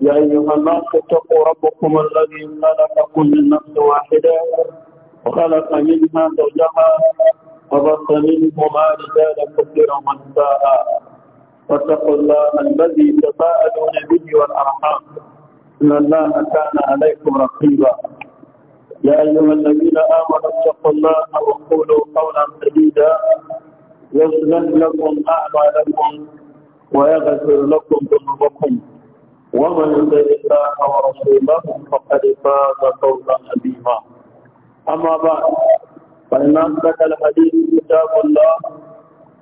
يا أيها الناس اتقوا ربكم الذي خلق كل نفس واحدة وخلق منها زوجها وبث منهما رجالا كثيرا ونساء واتقوا الله الذي تساءلون به والأرحام إن الله كان عليكم رقيبا يا أيها الذين آمنوا اتقوا الله وقولوا قولا سديدا يصلح لكم أعمالكم ويغفر لكم ذنوبكم ومن يطع الله ورسوله فقد فاز فوزا عظيما اما بعد فان اصدق الحديث كتاب الله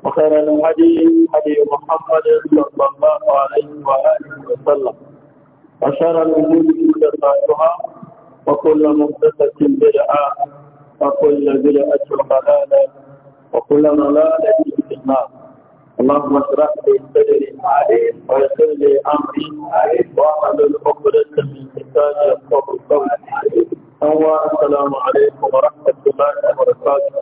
وخير الحديث حديث محمد صلى الله عليه واله وسلم وشر الامور محدثاتها وكل محدثه بدعه وكل بدعه ضلاله وكل ضلاله في النار اللهم اشرح لي صدري ويسر لي امري واحل العقدة من لساني يفقه قولي السلام عليكم ورحمة الله وبركاته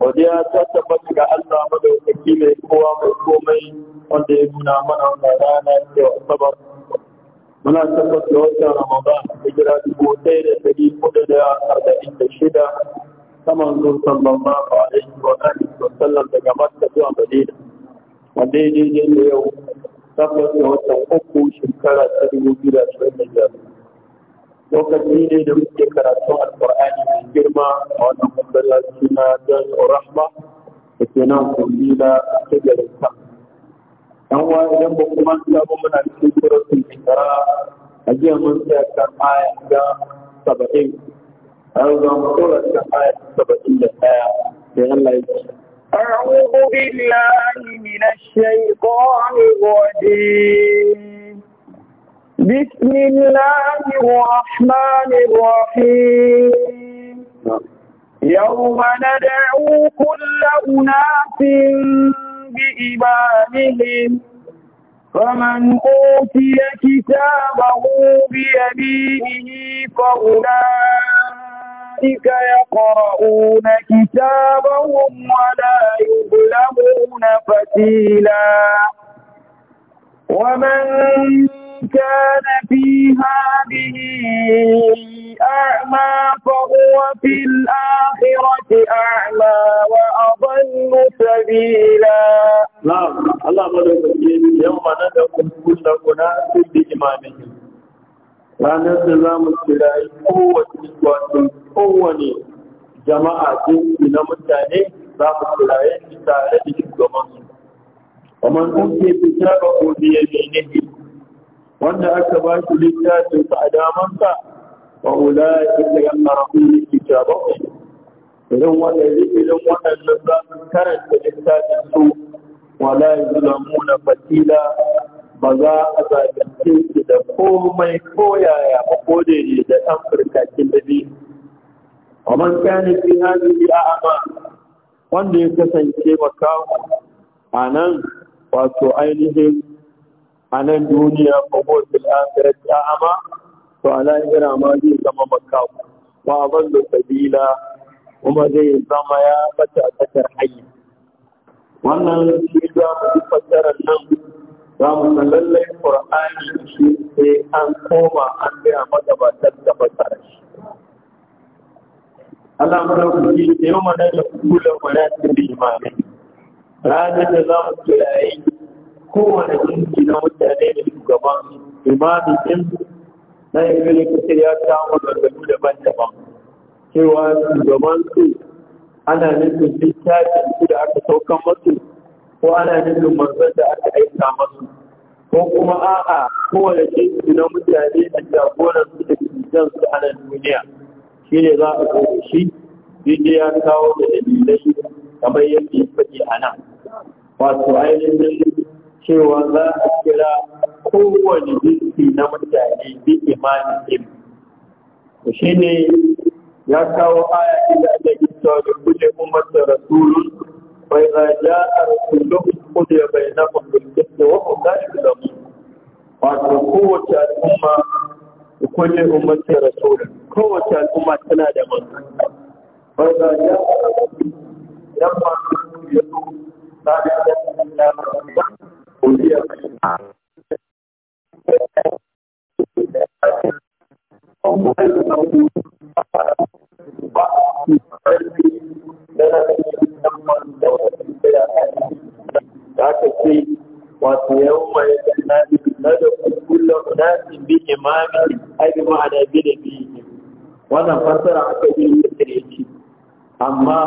وديا تتبت كألا مدو تكيمي قوى مرحومي وديا منا منا مرانا يعتبر منا تتبت لوجه رمضان إجراء بوتيرة تجيب مدد آخر دائم تشيدة saman manzo sallallahu a wajen alihi wa sallar daga Makka zuwa Madina a ya daidai da yau tabbas da watan uku shekara ta dubu biyu da ashirin da biyar lokaci ne da muke karatun alkur'ani mai girma a wannan masallaci na don rahma da ke nan kundi na shigarin sa dan wa idan ba kuma ta ba muna cikin suratul isra a jiya mun tsaya kan aya ta saba'in أعوذ بالله من الشيطان الرجيم بسم الله الرحمن الرحيم يوم ندعو كل أناس بإمامهم فمن أوتي كتابه بيمينه فأولئك أولئك يقرؤون كتابهم ولا يظلمون فتيلا ومن كان في هذه أعمى فهو في الآخرة أعمى وأضل سبيلا نعم الله مدعو يوم ندعو كل أناس بإمامهم ranar da za mu kirayi kowace wato kowane jama'a jinsi na mutane za mu kiraye shi tare da shugaban su kamar sun ke gobe ya godiya ne wanda aka ba shi littafin sa a wula ya ulai da yan marafi kitabahu irin wannan irin waɗannan za su karanta littafin su wala muna fatila ba za a zalunce ki da komai koyaya ba ko da ne da ɗan firkakin da bi A man kana fi a a'ama wanda ya kasance makamu a nan wato ainihin a nan duniya ko gosil ta a'ama to a nan ira ma zai zama makamu ba ban sabila kuma zai zama ya bata tsakar hanyar. wannan shi za mu fassarar nan za mu san lallai qur'ani shi sai an koma an gaya magabatar da fasara shi Allah mana kuki da yau mana da kula mana da limani ranar da za mu kirayi kowane jinki na mutane da shugaban imamin din na ibili kusur ya samu gargaru daban-daban cewa shugaban su ana nufin littafin su da aka saukan masu ko ana jirgin manzon da aka aika masu ko kuma a'a kowane jinsi na mutane a jagoran su da jan su a nan duniya shi ne za a zo shi Jirgin ya kawo da dalilai kamar yadda ya faɗi a nan wato ainihin cewa za a kira kowane jinsi na mutane bi imanin im shi ya kawo aya inda ake cewa da kulle umar da rasulun فإذا جاء رسولهم قضي بينهم بالقسط وهم لا يظلمون wato kowace al'umma da kulle ummatin rasulun kowace al'umma tana da manzo ba za ya ta da da aka ce wato yawon mai nadi na da kullum nadi bi imami ai bi ma'ana bi da bi wannan fassara aka yi da tsireci amma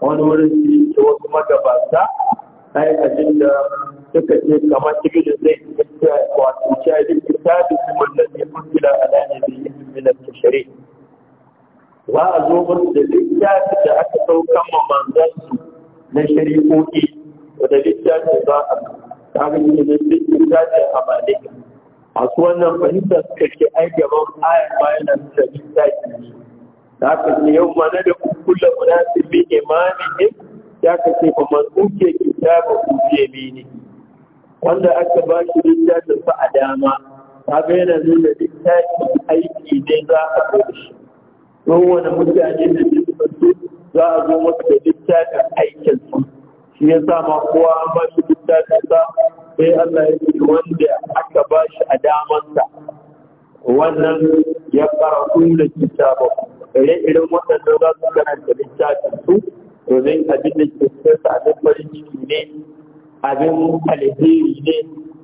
wani wurin shi ta wasu magabata yi ajin da suka ce kamar cikin da zai wato shi a yi kitabi kuma nan ne kuma da alaƙa da yin minar shari'a ba a zo musu da littafi da aka saukan ma manzansu na shari'o'i da littafi za a kaga shi da littafi a bane a su wannan fahimtar suka ke ai gaban ayar bayan da littafi ne da aka ce yau mana da kukkula imani ne ya ka ce ba man ke kitabu kuke mini wanda aka ba shi littafin fa a dama bayyana yana da littafin aiki ne za a zo da shi kowane mutane da jikinsu za a zo masa da littafin aikinsu shi ya sa ma kowa an ba shi littafin sa sai Allah ya ce wanda aka ba shi a damansa wannan ya fara kula kitaba ire-iren waɗanda za su karanta littafin su domin abin da ke sa abin farin ciki ne abin alheri ne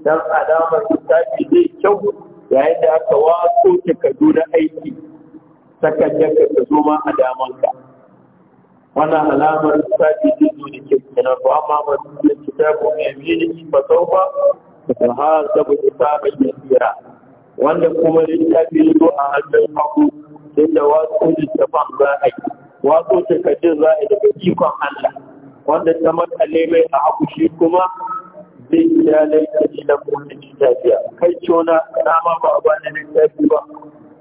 dan alamar littafi zai kyau yayin da aka waso takardu Kaduna aiki takaddarka ta zo ma a ka. wannan alamar lissafi ce zo da ke kira ko amma ba su da kitabu mai biyu ba sau ba da ha sabu hisabin yasira wanda kuma ta ya zo a hannun hagu inda wasu littafan za a yi wasu takardun za a yi daga ikon Allah wanda ta makale mai a haku shi kuma zai ya laifin da kuma littafiya kai na dama ba a bani littafi ba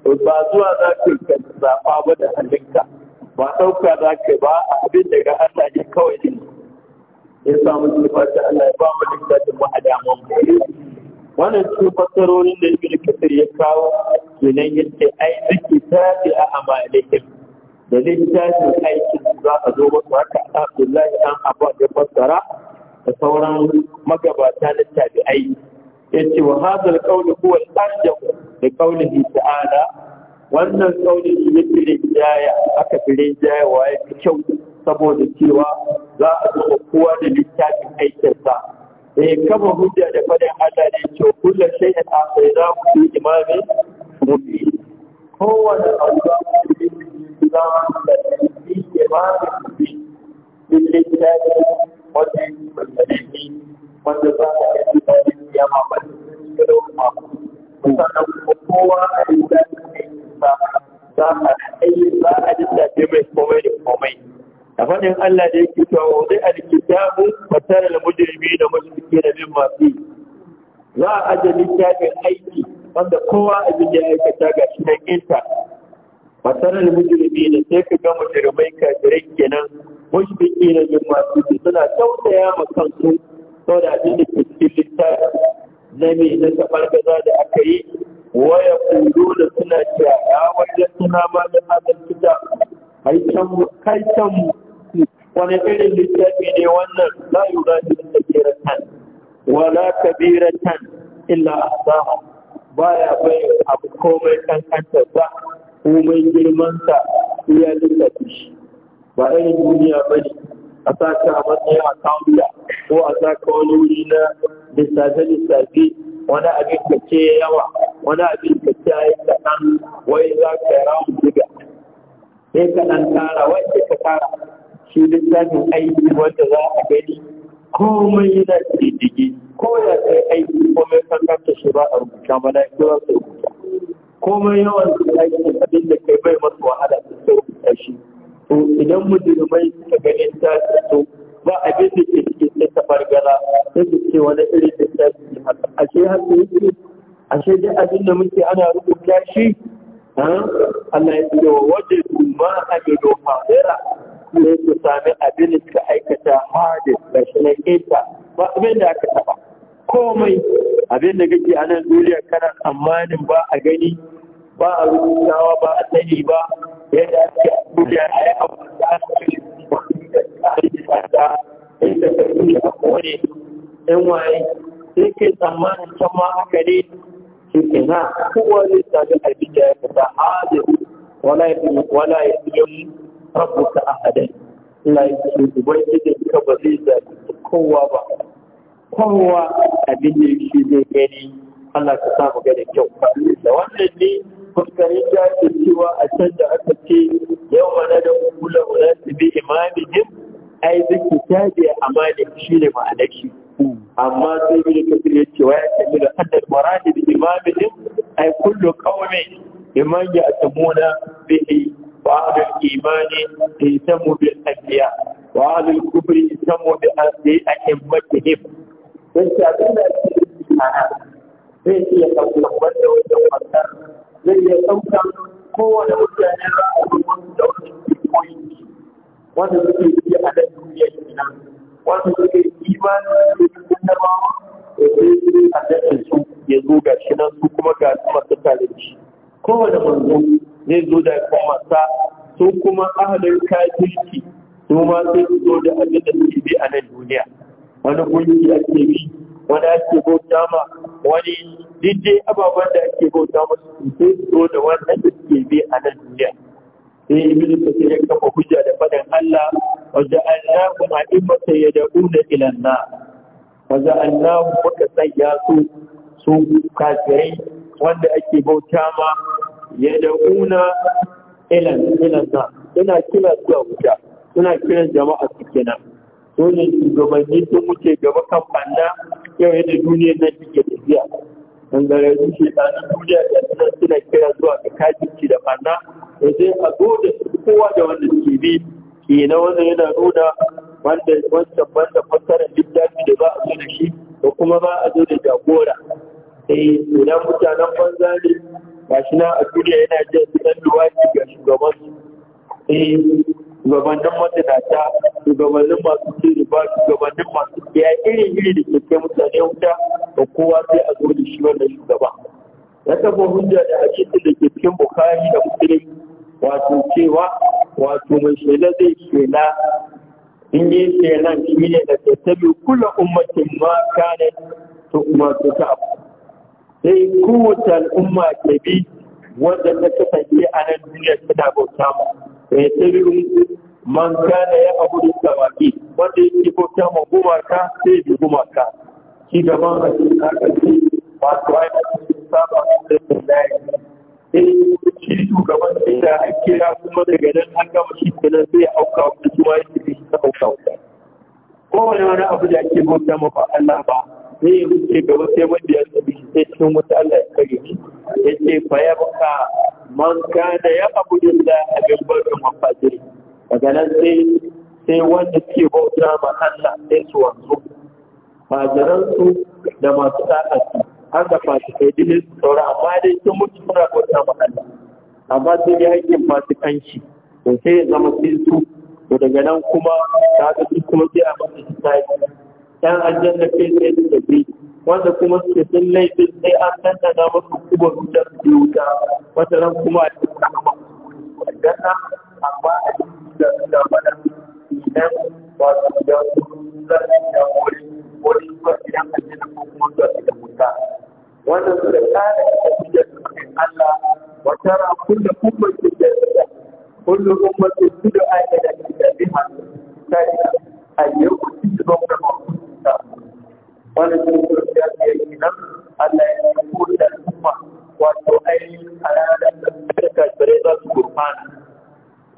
ba zuwa za ka zaɓa ba da halinka ba ɗauka za ka ba a abin daga Allah ne kawai ne ya samu sifar Allah ya ba mu da mu a wannan su fassarorin da ibn Kathir ya kawo kenan yake ai zaki tafi a amalihim da littafin aikin za a zo wasu haka Abdullahi an Abba ya fassara da sauran magabata na tabi'ai yace wa hadal qawlu huwa al-arjah li qawlihi ta'ala wannan qawli shi ne jaya aka fire jaya waye kyau saboda cewa za a zo kowa da littafin aikinsa eh kama hujja da fadin Allah ne ce kullu shay'in akhayna fi imamin mubin kowanne abu da ke da ne ne littafin wanda ya yi wanda za a yi ya mamaki kuma kowa da ba za a za a mai komai da komai a faɗin Allah da yake cewa wa zai alkitabu wa tare da mujrimi da mushrike da bin mafi za a ajiye littafin aiki wanda kowa abin ya aikata ga shi nan inta wa tare da da sai ka ga mujrimai kafirai kenan mushrike da bin suna tausaya ma kansu saboda abin da ke nami na gaza da aka yi waya kudu da suna cewa ya wajen suna ba da hadar fita kai can wani irin littafi ne wannan la yura shi kira kabiratan wala kabiratan illa Ba baya bai abu komai kankanta ba komai girmansa iya littafi shi ba irin duniya ba ne a a ka a matsayin akawunta ko a saka wani wuri na lissafe-lissafe wani abin ka ce yawa wani abin ka ce ayi kaɗan wai za ka yara rawun diga sai ka ɗan tara wai sai ka tara shi lissafin aiki wanda za a gani komai yana diddige ko ya kai aiki komai ta shi ba a rubuta mana ya rubuta komai yawan aiki abin da kai bai masu wahala da rubuta shi to idan mujirmai suka ganin ta to ba a bi da ke cikin sai ta fargara sai su ce wani irin da ta ce haka yi haka a ce dai abin da muke ana rubuta shi Allah ya ce wa wajen ma a doka fa'ira sai su sami abin da suka aikata hadis da shi na ita ba abin da aka taba komai abin da kake a nan duniya kana tsammanin ba a gani ba a rubutawa ba a sani ba yadda ake abubuwa a yi abu da aka fi inda ka fi a kone in waye sai ke tsammanin can ma haka ne su ke na kowa zai sami abin da ya fita hadir wala ya wala ya yi rabuta a hadari Allah ya ce ubangijin ka ba zai zaɓi kowa ba kowa abin da shi zai gani Allah ka samu gani kyau da wannan ne kuskare ya ce cewa a can da aka ce yau mana da kula wala su bi imamihim ai zaki ta a amani shi ne ma'anar shi amma sai bi da kafin ya ce waya ta da hadar marahi da imamihim ai kullu kawame iman ya tamuna bi ba'adul imani da ya samu bi al'adiyya ba'adul kubri ya samu bi al'adiyya a himmatihim sai shi abin da ya ce sai shi ya kafin wanda wajen wasan zai iya ɗaukar kowane mutane za a yi wani da wani koyi wanda suke yi a nan duniya kenan wanda suke imani da suke annabawa da sai a daɗin su ya zo ga shi nan su kuma ga su masu tare da shi kowane manzo zai zo da kuma sa su kuma ahalin kafirci su ma zai zo da abin da suke bi a nan duniya wani gunki ake bi wani ake bauta ma wani Didde, ababen da ake bauta musu sai su zo da wannan da suke bi a nan duniya sai ibnu kasir ya kafa hujja da fadan Allah wa ja'alnakum a'immatan yad'una ila an-nar wa ja'alnahum muka sanya su su kafirai wanda ake bauta ma yad'una ila ila an-nar suna kira zuwa wuta suna kiran jama'a su kenan dole shugabanni sun wuce gaba kan banna yau yadda duniyar nan take tafiya gangararrun shekaru duniya da suna suna kira zuwa ga kajinci da barna da zai a zo da kowa da wanda suke bi ke na wanda yana nuna wanda wancan banda fassarar littafi da ba a zo da shi da kuma ba a zo da jagora sai eh, idan mutanen banza ne gashi na a duniya yana jin su ɗan ga shugabansu eh, shugabannin madadata shugabannin masu tsiri ba shugabannin masu ya iri iri da ke kai mutane wuta da kowa sai a zo da shi wannan shugaba ya taba hujja da hadisin da ke cikin bukari da muslim wato cewa wato mai shela zai shela in yi shela shi ne da ke tabi kula ummatin ma kanin su umarci ta sai kowace al'umma ke bi wadanda ta sanke a nan duniya da bauta mu ya sirrin man kana ya abu da tawaki wanda yake bauta mu gumaka sai bi gumaka shi gaban a cikin kakaki masu aiki sun saba da tsaye sai shi shugaban da ya ake ya kuma daga nan an gama shi kenan sai ya auka wani kuma yake shi ta auka kowane wani abu da ake bauta mu ba Allah ba sai ya wuce gaba sai wanda ya tsabi shi sai cikin wata Allah ya kare ni ya ce fa ya baka man kana ya abu da abin barin mafajiri daga nan sai sai wanda ke bauta ma Allah sai su wanzu fajiransu da masu ta'asi haka fasikai dini su saura amma dai sun mutu suna bauta ma Allah amma sun yi haƙƙin fasikanci to sai ya zama sai su to daga nan kuma ta ga su kuma sai a masu yan aljanna kai sai su wanda kuma suke sun laifin sai an dandana masu kuma wutar su wuta wata ran kuma a cikin aljanna amma a cikin da suna mana idan wasu da zai da wani wani idan gidan aljanna ko kuma zuwa da wuta wannan su da tsara da tafiyar Allah Wata ran kuma kuma ummatin da da ummatin da ila kitabihha sai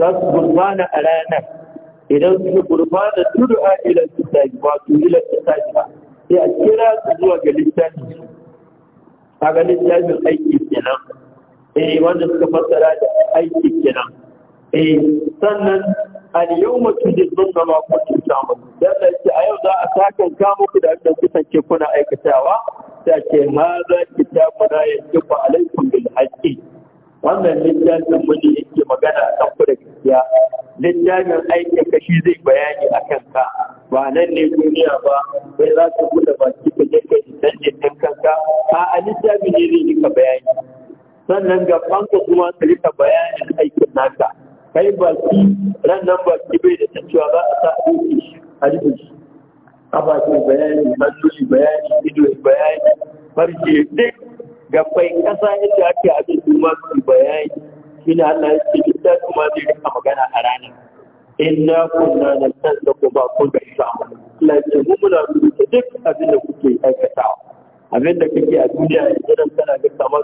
za su gurbana a ranar idan su gurbana tudu a ba su yi lantar kitabi ba sai a kira su zuwa ga littafin su a ga littafin aiki kenan eh wanda suka fassara da aiki kenan eh sannan al-yawma tujzuna ma kuntum samun. dan da ce a yau za a sakan kamo ku da abin kusance kuna aikatawa ta ce ma za ki ta fara yanzu alaikum bil haqqi wannan littafin mu ne yake magana kan ku da gaskiya littafin aikin kashi zai bayani a kanka ba nan ne duniya ba sai za ka buɗe baki ka je kai dan kanka a a littafin ne zai rika bayani sannan ga ka kuma ka rika bayani aikin naka kai ba ki, ran nan ba ki bai da cewa za a sa aiki a rubuce a ki bayani hannu bayani ido bayani farke duk gabbai kasa yadda ake abin duma su bayani shi ne Allah ya ce duk da kuma zai rika magana a ranar inna kunna na san da ku ba da isa Allah ce mu muna rubuta duk abin da kuke aikatawa abin da kake a duniya ya dan kana ga kamar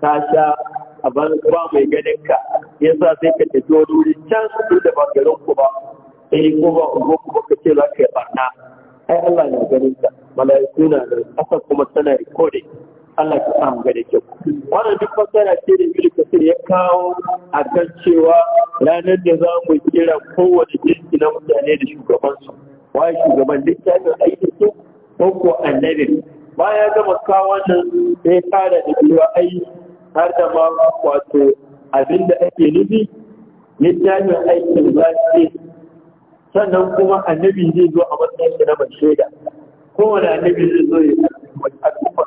ka sha a ba mai ganin ka yasa sai ka tafi wani wuri can su da ba garin ku ba sai eh, ko ba ko kuma ka ce za ka yi ai Allah na ganin ka mala'iku na da ƙasa kuma tana recording Allah ta samu mu kyau wannan duk fasara ce da Ibn Kathir ya kawo a kan cewa ranar da za mu kira kowane jinsi na mutane da shugabansu waye shugaban littafin aiki su ko ko annabi baya gama kawo nan sai fara da cewa ai har da ma wato abin da ake nufi littafin aikin za sannan kuma annabi zai zo a matsayin na mai shaida kowane annabi zai zo ya al'ummar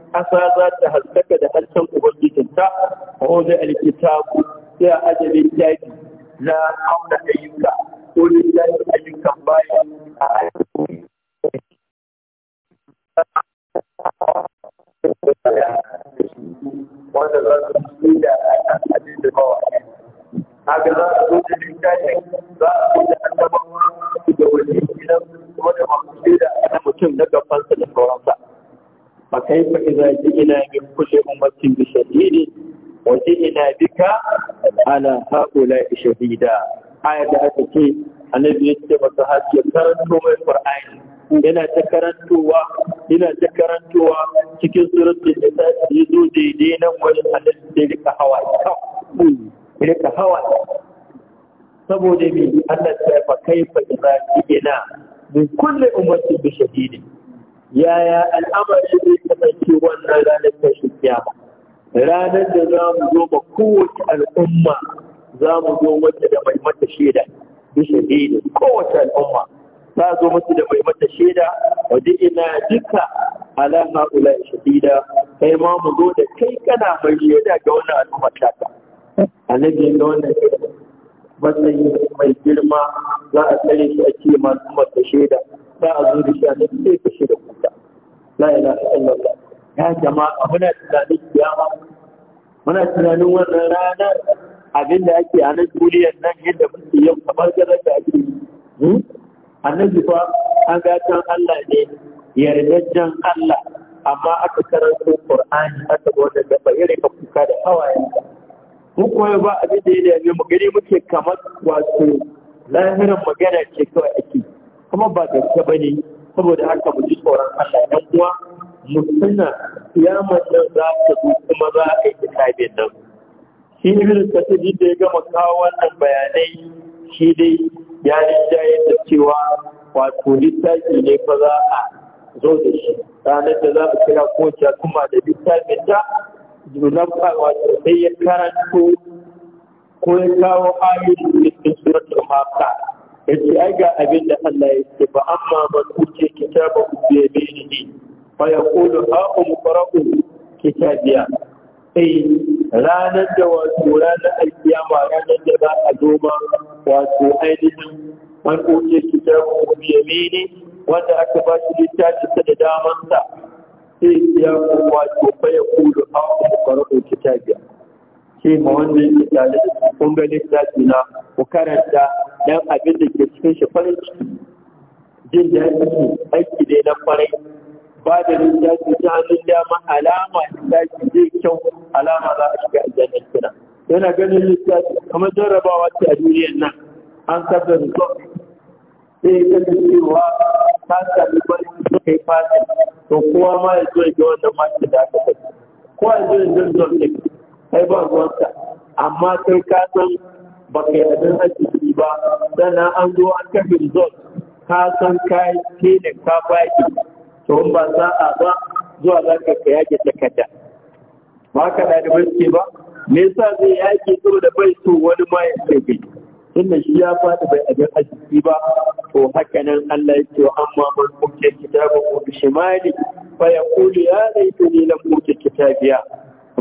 ƙasa za ta haskaka da harshen ubangijinta a wajen alkitabu sai a ajalin yaki na auna ayyuka ko littafin ayyukan baya a ayyukan wanda za su yi da da ba a da za a da da da da mutum na gabansa da sauransa فكيف إذا جئنا من كل أمة بشهيد وجئنا بك على هؤلاء شهيدا آية أتكي annabi ya ce masa hajji karanto mai qur'ani yana ta karantowa yana ta karantowa cikin suratul nisa ya daidai nan wajen annabi sai rika hawa rika hawa saboda me Allah ya fa kaifa idza ina min kulli ummatin bi shadidin yaya al'amari zai kasance wannan ranar tashin kiyama ranar da za mu zo ba kowace al'umma za mu zo wata da mai mata shaida bisa da kowace al'umma ta zo mata da mai mata shaida wa ina duka ala haula shaida? kai ma mu zo da kai kana mai shaida ga wannan al'umma ta ka annabi ga wannan matsayi mai girma za a tsare shi a ce masu mata shaida za a zo da shi a nan sai da kuka la ilaha illallah ya jama'a muna tunanin kiyama muna tunanin wannan ranar abin da ake a nan duniyar nan yadda muke yau kamar garar da ake yi hmm? annabi fa an can Allah ne yarjejjen Allah amma aka karanto Qur'ani aka ga da ba ka kuka da hawaye ko koyo ba abin da ya mu gani muke kamar wato lahirin magana ce kawai ake kuma ba gaske ba ne saboda haka mu ji tsoron Allah ɗan uwa mu tuna kiyamar nan za ta zo kuma za a yi kitabin nan shi ta ji da ya gama kawo wannan bayanai shi dai ya rinjaye da cewa wato littafi ne fa za a zo da shi ranar da za mu kira kowace kuma da littafin ta jimlar wato sai ya karanto ko ya kawo ayoyin da cikin suratul maka. yace ai ga abin da Allah yake ba amma man uke kitaba bi yaminihi fa yaqulu ha qara'u um kitabiya sai eh, ranar da wato ranar alkiyama ranar da za a zo wato ainihin man uke kitabu bi yamini wanda aka ba shi littafi da damansa sai ya wato fa yaqulu ha qara'u um kitabiya ce ma wanda yake tare da kun ga littafi na ku karanta dan abin da ke cikin shi farin ciki jin daɗi aiki ne na farai ba da littafi ta hannun dama alama littafi zai kyau alama za a shiga aljannar kira yana ganin littafi kamar jarrabawa ce a duniyar nan an sabda result sai ya kasance cewa ta sami bari su kai fata to kowa ma ya zo ya ga wannan mata da aka tafi kowa ya zo ya zo ya kai ba ruwanka amma kai ka san ba ka yi abin arziki ba sannan an zo an kafin result ka san ke ne ka baki to in ba sa'a ba zuwa za ka ka yage takarda ba ka ba ce ba me yasa zai yake zo da bai so wani ma ya ce bai shi ya faɗi bai abin arziki ba to haka nan Allah ya ce amma man kuke kitabu ko Shimali, fa yaqulu ya laitani lam kuke kitabiya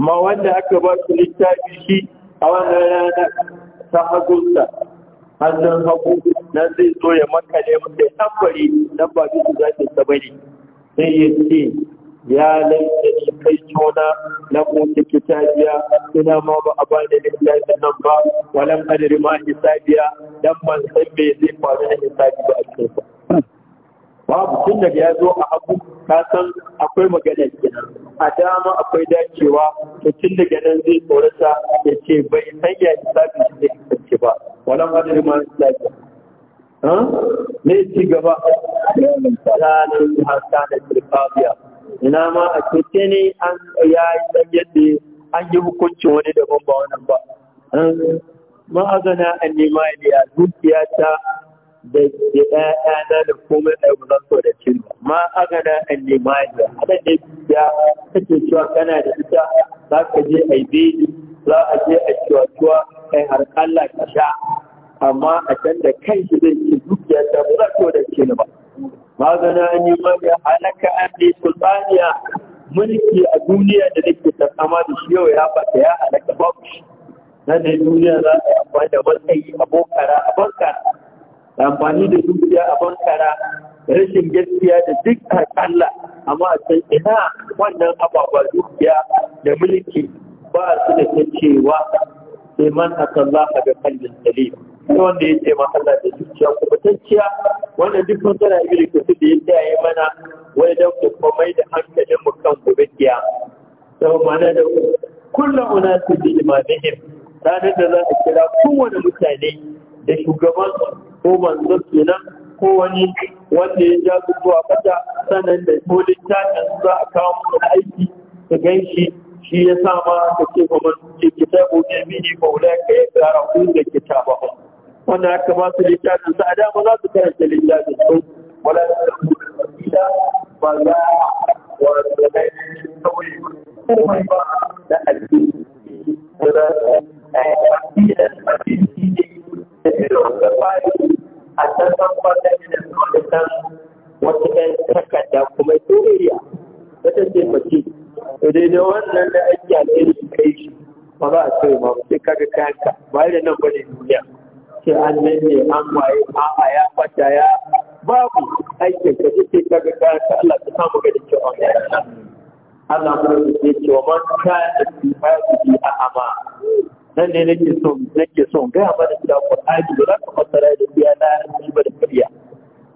amma wanda aka ba su littafi shi a wannan rana ta hagunsa hannun hagu na zai zo ya makale masa ya tambari nan ba bisu za ta bari sai ya ce ya laifin kai cona na kuta kitabiya suna ma ba a bani littafin nan ba walan adari ma hisabiya dan ban san me zai faru na hisabi ba a cikin babu tun daga ya zo a abu ka san akwai magana kenan a dama akwai dacewa to tun daga nan zai tsorata ya ce bai hanya ya hisabi shi zai kasance ba walan hadari ma lafiya ne ci gaba salamin hasa da sirfafiya ina ma a cece ne an ya yi san yadda an yi hukuncin wani daban ba wannan ba ma'azana an nema ya dukiya ta da ‘ya'yana da komai da ba zan so da cin ma aka da an nema ya haɗa ne ya kake cewa kana da ita za ka je a yi za a je a cewa cewa kai har Allah ka sha amma a can da kan shi zai ci dukiya da ba da cin ba magana an yi ma ya halaka an ne sulbaniya mulki a duniya da nake ta sama da shi yau ya bata ya halaka babu shi nan da duniya za a yi amfani da matsayi abokara abokara amfani da dukiya a bankara rashin gaskiya da duk Allah amma a can ina wannan ababa dukiya da mulki ba su da ta cewa sai man asallaha da kallin salim sai wanda ya ce Allah da zuciya ciya, wannan duk mun tana ibri su da ya tsaye mana wai da kuma mai da hankalin mu kan gobe kiya sau mana da kullum una su bi ranar da za a kira kowane mutane da shugabansu ko manzo kenan ko wani wanda ya ja su zuwa bata sanan da ko littafin za a kawo mu da aiki ka gan shi shi ya sa ma ka ce ba ke kita ko ne mini maula ka ya tsara ku da kitaba wannan aka ba su littafin sa a dama za su karanta littafin ko wala da su da ba za a wato da sauyi komai ba da addini da addini da addini da irin da bayan a can san kuma ta yi da da san wata ɗan takarda kuma soyayya wata ce mace to daidai wannan da ake alheri su kai shi ba za a ce ma sai kaga kayanka ba da nan ne duniya sai an nan ne an waye a'a ya fata ya babu aikin ka sai kaga kayanka Allah ta samu ga da kyau Allah ya ce cewa man su fi su a ama nan ne nake so nake so ga ba da cewa Qur'ani da za ka fassara da biya na ba da kariya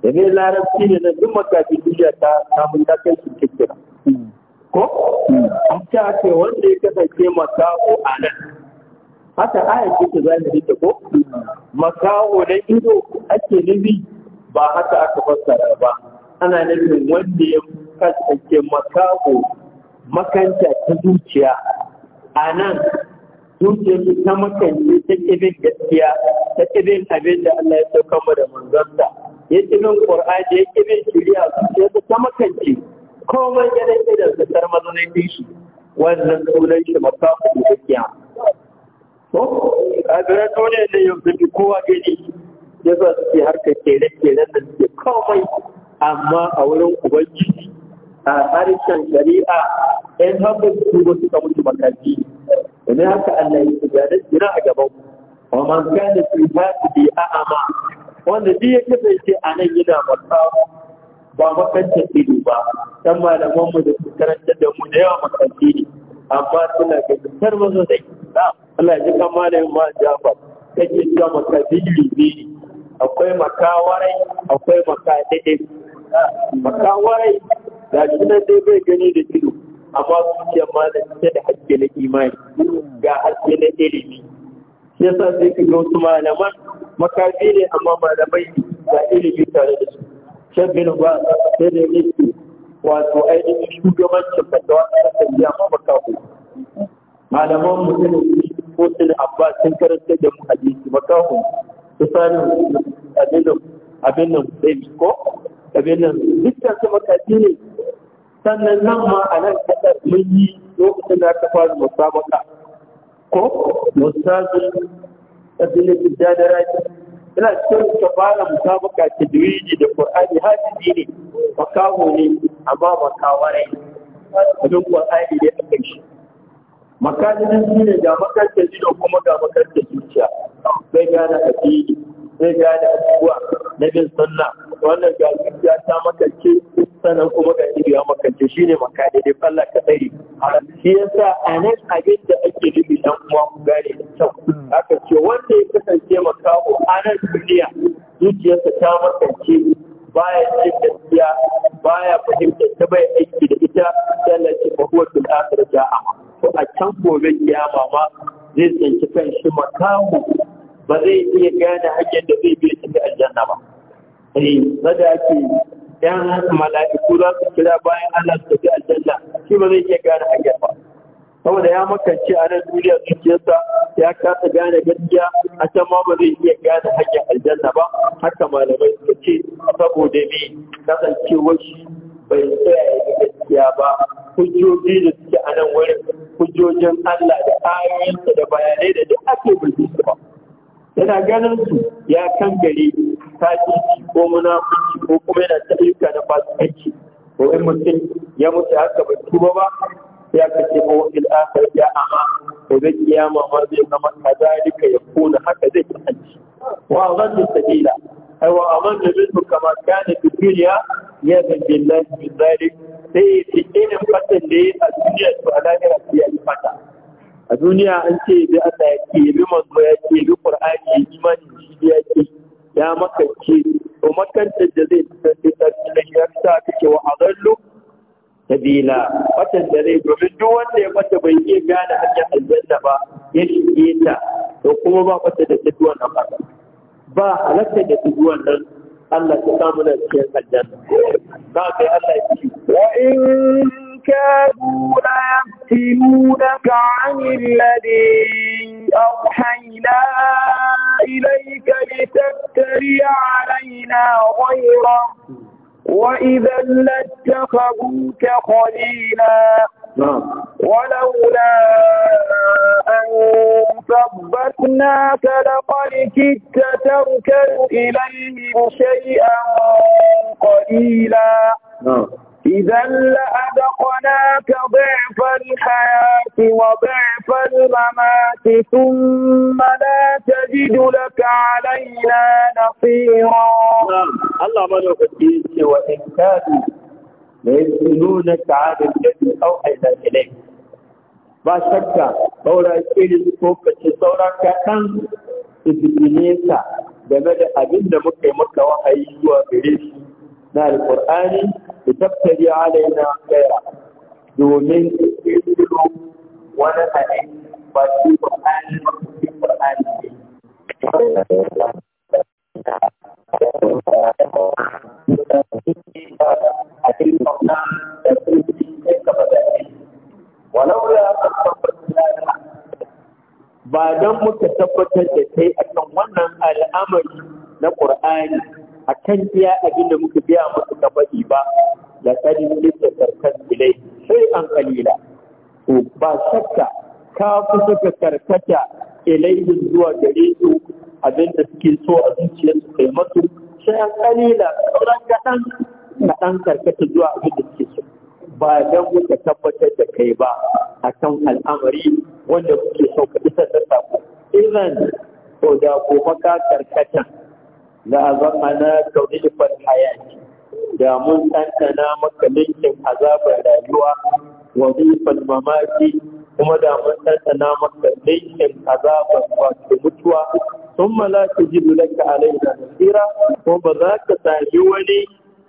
da ne larabci ne na duk makafi duniya ta samun ta kai shi kikkira ko an ta ce wanda ya kasance makaho a nan haka aya ce ta zahiri ta ko makaho na ido ake nufi ba haka aka fassara ba ana nufin wanda ya kasance makaho makanta ta zuciya a nan zuciyar su ta makance ta kibin gaskiya ta kibin abin da Allah ya sauka mu da manzonsa ya ƙwar'a da ya kibin shari'a zuciyar su ta makance komai ya idan su tar mazunin shi wannan sunan shi makafu da gaskiya ko a gara tone ne yau da kowa gani ya sa suke harkar kere-keren da suke komai amma a wurin ubangiji a harshen shari'a ‘yan haɓar su ba su mutu makaji domin haka Allah ya ce bayanan jira a gaban wa man kana fi hadihi a'ama wanda duk ya kasance a nan yana makawo ba makanta ido ba dan malaman mu da su karanta da mu da yawa maka ne amma suna ga tsar mazo da Allah ya ji kan malamin ma Jafar kake cewa makadiri ne akwai makawarai akwai makadidi makawarai da shi na dai bai gani da ido amma zuciyar malami ta da haske na imani ga haske na ilimi shi yasa sai ka ga wasu malaman makafi ne amma malamai ga ilimi tare da su Shan bin ba sai da yake wato ainihin shugabancin fatawa a kasar ma makafi malaman mutum ko ne abba sun karanta da mu hadisi makafu su sani abin nan abin nan ko abin nan dukkan su makafi ne sannan nan ma a nan kasar mun yi lokacin da aka fara musabaka ko musabin ƙabilin tijjani rai ina cikin ka fara musabaka ta diriji da ƙur'ani hajji ne makaho ne amma makawarai abin ƙur'ani ne aka shi makajinin shi ne ga makarantar ido kuma ga makarantar zuciya bai gane addini zai ga da abubuwa na bin sunna wannan ga ya ta makance sannan kuma ga shi ya shi ne maka daidai Allah ka tsare shi yasa a nan abin da ake nufi dan uwa ku gane da kyau aka ce wanda ya kasance makaho a nan duniya zuciyarsa ta ce baya cin gaskiya baya fahimtar ta bai aiki da ita sannan ce fa huwa fil Ko a can gobe kiyama ma zai tsinci kan shi makaho ba zai iya gane hanyar da zai biya tafi aljanna ba eh sada ake yan mala'iku za su kira bayan Allah su tafi aljanna shi ba zai iya gane hanyar ba saboda ya makance a nan duniya zuciyarsa ya kasa gane gaskiya a can ma ba zai iya gane hanyar aljanna ba haka malamai suka ce saboda me kasancewar shi bai tsaya ga gaskiya ba hujjoji da suke a nan wurin hujjojin Allah da ayoyinsa da bayanai da duk ake bai ba yana ganin su ya kan gari fasici ko munafici ko kuma yana ta ayyuka na fasikanci ko in mutum ya mutu haka ba tuba ba ya kace ko oh, il akhir ya ko zai kiyama ma zai zama kadalika ya kuna haka zai hanci wa zanni sabila ai wa amanna bihi kama kana fi dunya ya bin billahi min zalik sai tikin fatan da a duniya to a lahira ya fata a duniya an ce bi Allah ya ce bi manzo ya ce bi Qur'ani ya imani shi ya ce ya makance to makantar da zai tsaye tsaye ya sa kake wa azallu sabila watan da domin duk wanda ya mata bai iya gane hanyar aljanna ba ya shige ta to kuma ba bata da tafi wannan ba ba halatta da tafi wannan الله ya بخير الجنة cikin aljanna ba kai Allah ya ليفتنونك عن الذي أوحينا إليك لتفتري علينا غيره وإذا لاتخذوك خليلا نعم. ولولا أن ثبتناك لقد كدت تركن إليهم شيئا قليلا نعم. إذا لأذقناك ضعف الحياة وضعف الممات ثم لا تجد لك علينا نصيرا نعم. الله ملوك الدين وإن كادوا ويسألونك عن الذي أوحينا إليك ba shakka saura irin lokaci sauran kaɗan fitine game da abin da muka yi maka wahayi zuwa gare na alƙur'ani da taftari na gaira domin ƙirƙiro wani hadin ba shi ƙur'ani ba ƙur'ani ne ba don muka tabbatar da kai akan wannan al'amari na ƙur'ani a kan iya abin da muka biya musu ka ba da tsarin nufin karkar ilai sai an kalila to ba shakka ka fi suka karkata ilaihin zuwa gare su abin da suke so a zuciyarsu kai masu sai an kalila sauran kaɗan kaɗan karkata zuwa abin da suke so ba don muka tabbatar da kai ba a kan al'amari wanda kuke so ka isar da sako idan ko da gobe ka karkata la azamana tawilfal hayati da mun tantana maka linkin azabar rayuwa wa zifal mamaki kuma da mun tattana maka laifin azabar wato mutuwa sun malaka ka laka alaina nasira ko ba za ka sami wani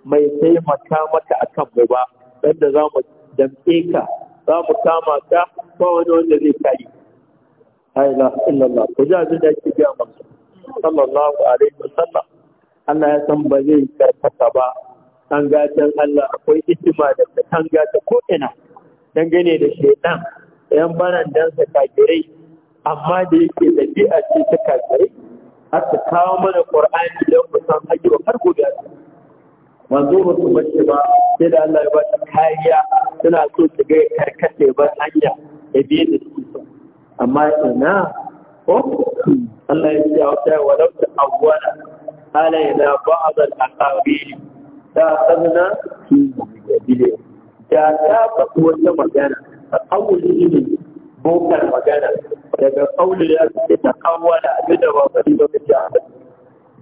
mai taimaka maka akan mu ba sanda za mu damƙe ka za mu kama ka ba wani wanda zai kayi haila illallah ku ji abin da ake biya masa sallallahu alaihi sallam. Allah ya san ba zai karkata ba an gatan Allah akwai hikima da ta ko ina dangane da shaitan yan barandansa kakirai amma da yake ɗabi'a ce ta har ta kawo mana ƙur'ani don ku san hajji wa har gobe su. manzo ba su mace ba sai da Allah ya ba ta kariya suna so su ga karkace ba hanya ya biye da su amma ina ko Allah ya ce a wa ta walau ta awwala alaina ba'd al-aqabil ta sanna da ta faɗi wata magana awuli ilimi bokar magana daga kauli ya suke ta kawwala abin da abinda fari ba ka ci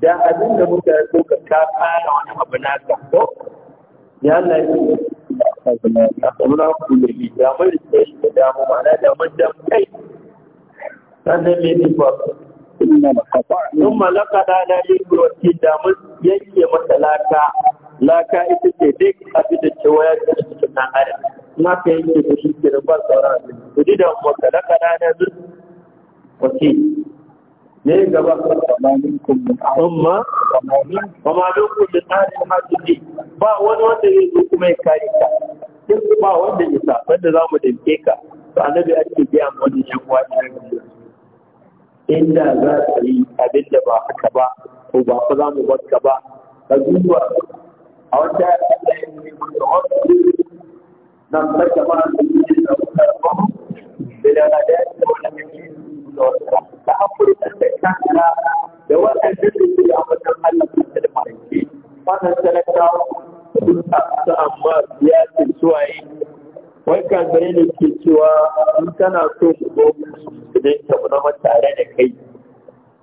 da abin da muka yi so ka ka kara wani abu na ka ko ya na yi da da Sun malaka ɗana lebe wace damun yanke masa laka, laka ita ce duk abin da ke waya da cikin ɗan adam. Na ka yanke da shi ke ba sauran abin. Kudi da malaka ɗana zun wace. Ne gaba amma amma lokacin da tsarin hajji ba wani wanda zai zo kuma ya kare ka. Duk ba wanda ya sa za mu ka. biya yan inda za ka yi abin da ba haka ba ko ba ku za mu baka ba ka duba a wata Allah ya yi maka wata nan saka ma da yi da kuka ba da da da da da wani mai da wata da hakuri da kai kanka da wannan da ke da ambaton Allah da da mai wannan talakawa sun ta amma ya ce suwaye wai gagare ne ke cewa in kana so ku zo su dai ta zama tare da kai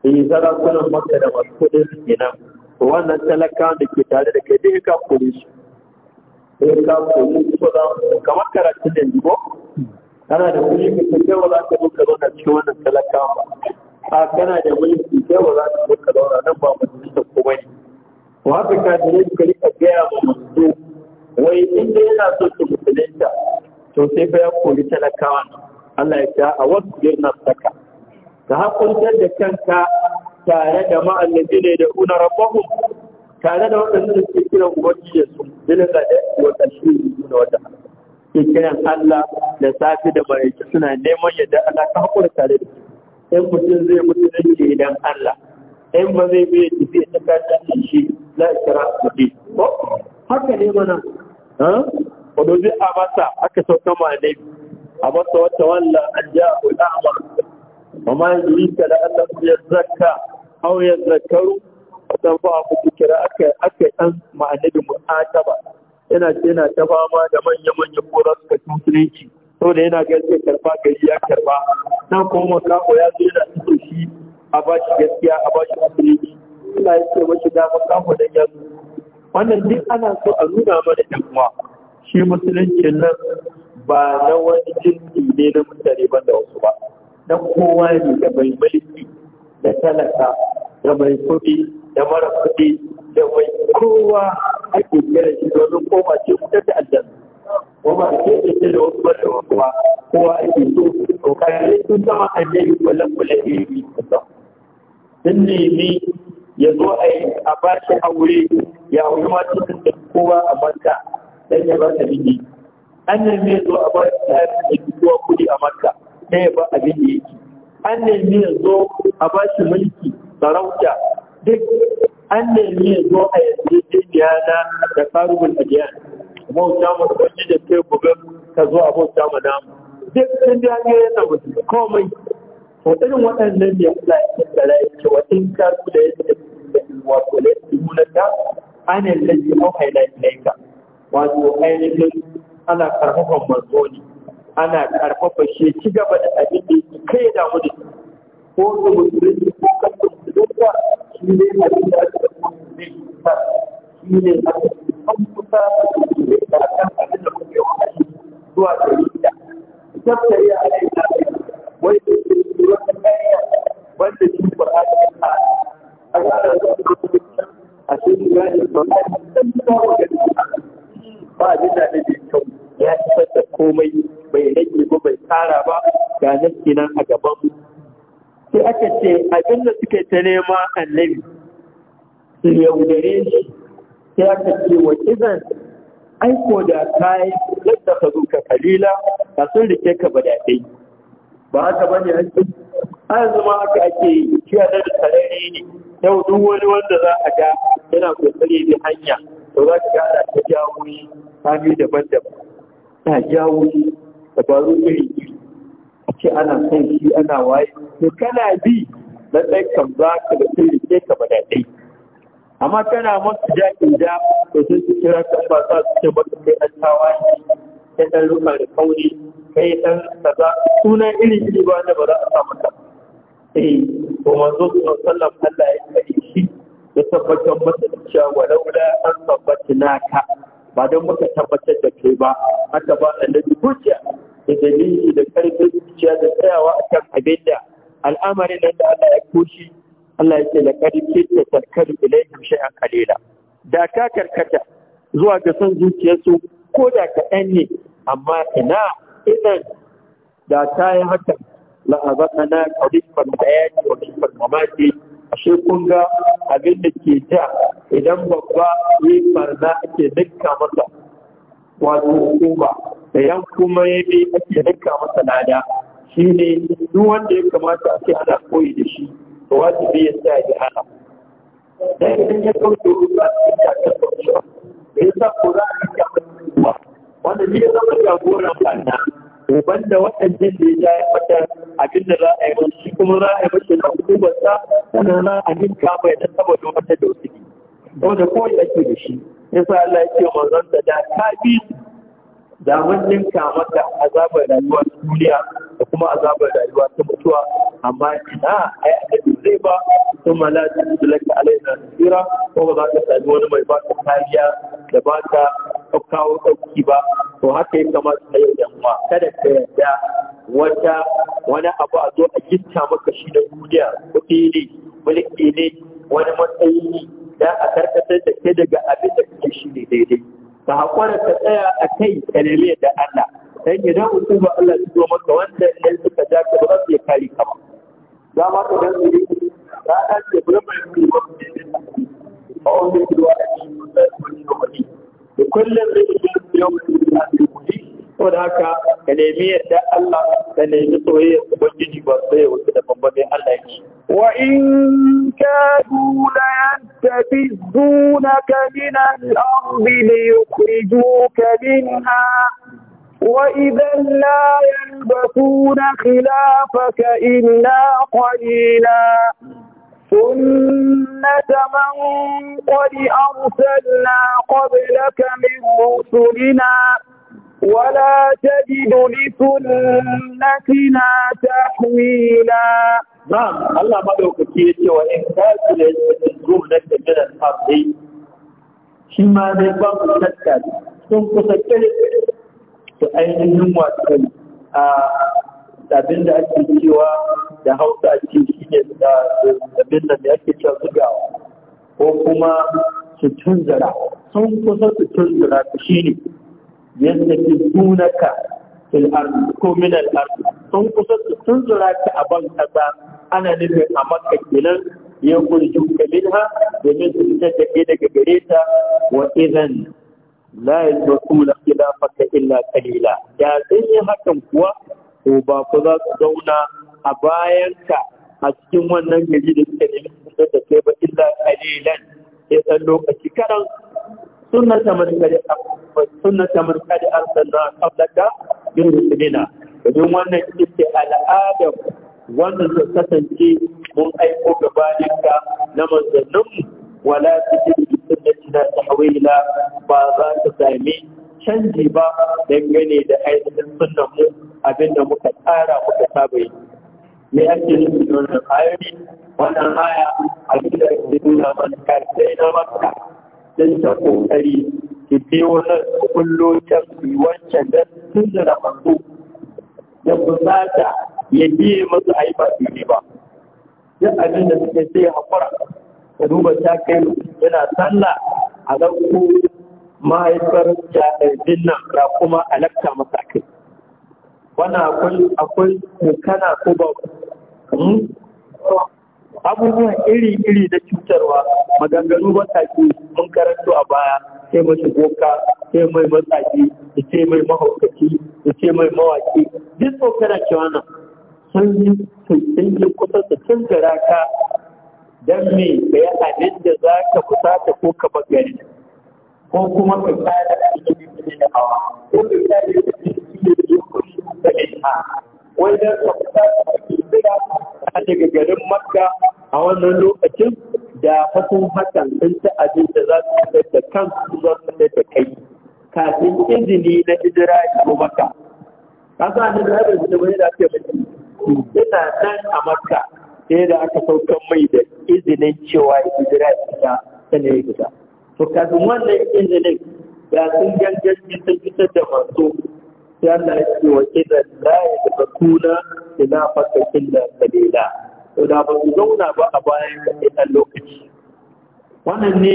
eh sarakunan maka da masu kuɗin su kenan wannan talakawan da ke tare da kai dai ka kore su dai ka kore su ba za kamar karatun da ko kana da kuɗi ka ce kai ba za ka zo ka zauna cikin wannan talakawan ba a kana da mulki kai ba za ka zo ka zauna nan ba majalisar komai to haka ka da ka rika gaya ma masu wai in dai yana so su musulunta to sai fa ya kori talakawa Allah ya ta a wasu birnin saka ka hakuntar da kanka tare da ma'allabi ne da una rabbahum tare da waɗanda da suke kiran ubangiji su bila ga da wata shiri na wata ke kiran Allah da safi da shi suna neman yadda Allah ka hakura tare da su in mutum zai mutu da ke idan Allah in ba zai bai tafi ta kasance shi la ikra kuɗi? ko haka ne mana wadda zai a masa aka sauka ma ne a masa wata wallan an ja a kula a ba ma yanzu yi ka da allah ya zakka hau ya zakaru san fa a kuka kira aka yi ɗan ma'anabi ba yana ce yana ta fama da manya-manya koran suka tuturinci saboda yana gaske karba gari ya karba na kuma makaho ya zo yana tuto shi a ba shi gaskiya a ba shi musulunci ina ya ce mashi damar makaho da yanzu wannan duk ana so a nuna mana yan uwa shi musulunci nan ba na wani jinsi ne na mutane ban da wasu ba na kowa ne da mai mulki da talaka da mai kuɗi da mara kuɗi da mai kowa ake kira shi domin koma ce fitar da aljanna ko ba ke ce ke da wasu bada wasu ba kowa ake so to kare sun zama annabi wallan wallan ne ne sun nemi ya zo a yi a bashi aure ya wuyi ma cikin da kowa a manta dan ya ba ta an an neme zo a ba ta yaki da zuwa kudi a makka dan ya ba abin da yake an neme zo a ba shi mulki sarauta duk an neme zo a yanzu ya jirgiya na da karubin adiyan bauta mu da wani da ke gobe ka zo a bauta mu namu duk sun da ya yana mutu komai to irin waɗannan ne Allah ya da ya ce wa in ka su da yadda wato an yumunaka ana allazi auhayna ilayka wato ainihin ana karfafan manzo ana karfafa shi ci gaba da abin da yake kai da mu da ko da musulunci ko kasu musulunta shi ne abin da aka da zai kusa shi ne abin da kan ta da su ne da kan abin da kuma yawa shi zuwa da tattare a yi da wai da da wata kariya wanda shi ƙwararra ta a ƙarar da kuma a cikin gani da a yi da ta ba daɗin da annabi ya ya fitar da komai bai rage ba bai tsara ba ga nasi nan a gaban sai aka ce abin da suke ta nema annabi su yaudare shi sai aka ce wa izan aiko da kayi yadda ka zo ka kalila ka sun rike ka ba daɗai ba haka ba ne ake an zama haka ake yi kiyaye da tsarari ne yau duk wani wanda za a ga yana kokari da hanya a kana bi ɗan ka amma kana masu jakin da to sun su kira kan ba za su ce maka kai ɗan tawaye ta ɗan rufa da kauri kai ɗan kaza suna iri-iri ba na ba za a samu ta eh to manzo sallallahu alaihi Allah ya kai ya tabbatar masa da cewa walaula an tabbata naka ba don muka tabbatar da kai ba aka ba annabi hujja da dalili da karfin zuciya da tsayawa akan abin da al'amarin nan da Allah ya koshi Allah ya ce da karfi ta tarkaru ilaihim shay'an qalila da ka karkata zuwa ga son zuciyarsu ko da kaɗan ne amma ina ina da ta yi haka la'azana ka rikon bayani wa rikon mamaki ashe kun ga abin da ke ja idan babba yi barna ake dukka masa wato hukuma da yan kuma ya bi ake dukka masa lada shi ne duk wanda ya kamata ake ce ana koyi da shi da wajibi ya sa ya hana dan idan ya kawo da ruwa ta cikin kakar da ya sa ko za a yi kyamar kuma wanda ne ya zama jagoran barna to da waɗannan da ya yi mata abin da za a yi shi kuma za a yi na hukumar sa sannan na a yin kama ya saba saboda wata da wasu ne Wanda kowai ake da shi sa Allah ya ce zan da ta bi da mun ninka maka azabar rayuwa ta duniya da kuma azabar rayuwa ta mutuwa amma ina ai annabi zai ba sun la tajidu laka alaina tsira ko ba za ka sami wani mai ba ka kariya da ba ka kawo ɗauki ba to haka ya kamata a yau yamma kada ka yarda wata wani abu a zo a gitta maka shi da duniya kuɗi ne mulki ne wani matsayi ne da a karkatar da ke daga abin da kake shi ne daidai ka haƙura ka tsaya a kai ka nemi yadda Allah dan idan ba Allah su zo maka wanda idan suka ja ka ba su ya kare ka ba za ma ka dan tsiri ka ta ce bari mai yi ba su ku ne ba on da ruwa da ni da kullum da kullum da kullum da kullum da kullum to da haka ka nemi yadda Allah ka nemi soyayya ubangiji ba sai wasu da bambamin Allah yake wa in kadu la yantabizunaka min al-ardi li yukhrijuka minha وإذا لا يلبثون خلافك إلا قليلا سنة من قد أرسلنا قبلك من رسلنا ولا تجد لسنتنا تحويلا نعم الله مدوكي يتي وإن كانت لجمهور لك من الحرب shi ma dai ba mu shakka sun kusa kirkir su ainihin wato a abin da ake cewa da hausa a ce shi ne da abin da ake ko kuma su tunzura sun kusa su tunzura shi ne yastafizzunaka fil ard ko min al sun kusa su zura ka a ban kasa ana nufin a maka kenan ya kuri ka minha domin su fitar da ke daga gare ta wa idan la yasma'una khilafaka illa kalila ya sun yi hakan kuwa ko ba ku za su zauna a bayanka a cikin wannan gari da suka nemi su fitar da kai ba illa kalilan sai lokaci karan سنة من قد سنة من قد أرسلنا domin wannan ita al'adar wannan ta kasance mun aiko gabaninka na manzanninmu wala cikin ce da sunnati na tahwila ba za ta sami canji ba dangane da ainihin mu abinda muka tsara muka saba yi me ake nufi da wannan ayoyi wannan aya abinda ya nuna mana kai sai na maka don ta kokari ki biyo nan kullo can ki wancan da tun da na farko da ta ya biye masu a yi ba su ne ba duk abin da suke sai haƙura da duba ta kai yana sallah a nan mahaifar jahilin nan ra kuma alakta masa kai wannan akwai akwai kana ko ba hmm? abubuwan iri-iri da cutarwa maganganu mataki mun karanto a baya sai mai boka sai mai matsaki, da sai mai mahaukaci da sai mai mawaki duk kana ce wannan sun yi sun yi kusa da sun gara ka don me da ya da za ka fusata ko ka bagari ko kuma ka tsara da cikin hawa ko ka tsara da cikin hawa wai dan sabata da ta daga garin makka a wannan lokacin da fasin hakan sun ci abin da za su fitar da kan su za su fitar da kai kafin izini na hijira ya zo maka kasa ne da haɗa da wani da ake mai yana nan a makka sai da aka saukan mai da izinin cewa ya hijira ya fita sannan ya fita to kafin wannan izinin da sun gangan sun fitar da masu sai Allah ya ce wa idan la yadbakuna ila fata illa kalila to da ba su zauna ba a bayan da lokaci wannan ne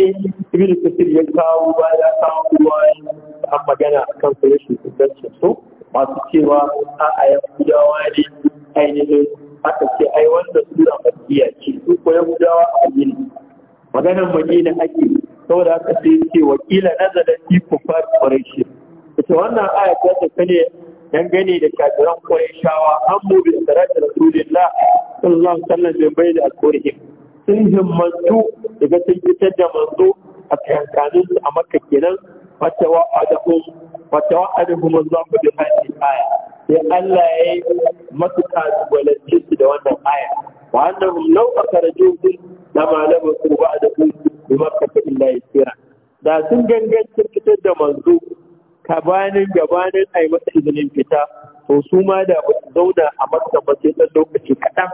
ibn kasir ya kawo ba ya kawo ruwa an magana akan su rashin ingancin su masu cewa a a yahudawa ne ainihin aka ce ai wanda sura makiya ce su ko yahudawa a yin maganar madina ake saboda aka sai ce wakila nazarin fi kufar quraish ita wannan aya ta tafi ne gani da kafiran Qurayshawa an mu bi sirati Rasulullah sallallahu alaihi wasallam bai bayyana alƙur'ani sun himmantu daga sun fitar da manzo a kankanin a Makka kenan wata wa'adahum wata wa'adahum Allah bi hadhihi aya sai Allah ya yi masu kasuwalanci su da wannan aya wa annahum law akhrajuhum lama labu ba'dahu bi Makka illa yasira da sun gangan fitar da manzo Ka gabanin a yi masa izinin fita to su ma da zauna a masa sai ɗan lokaci kaɗan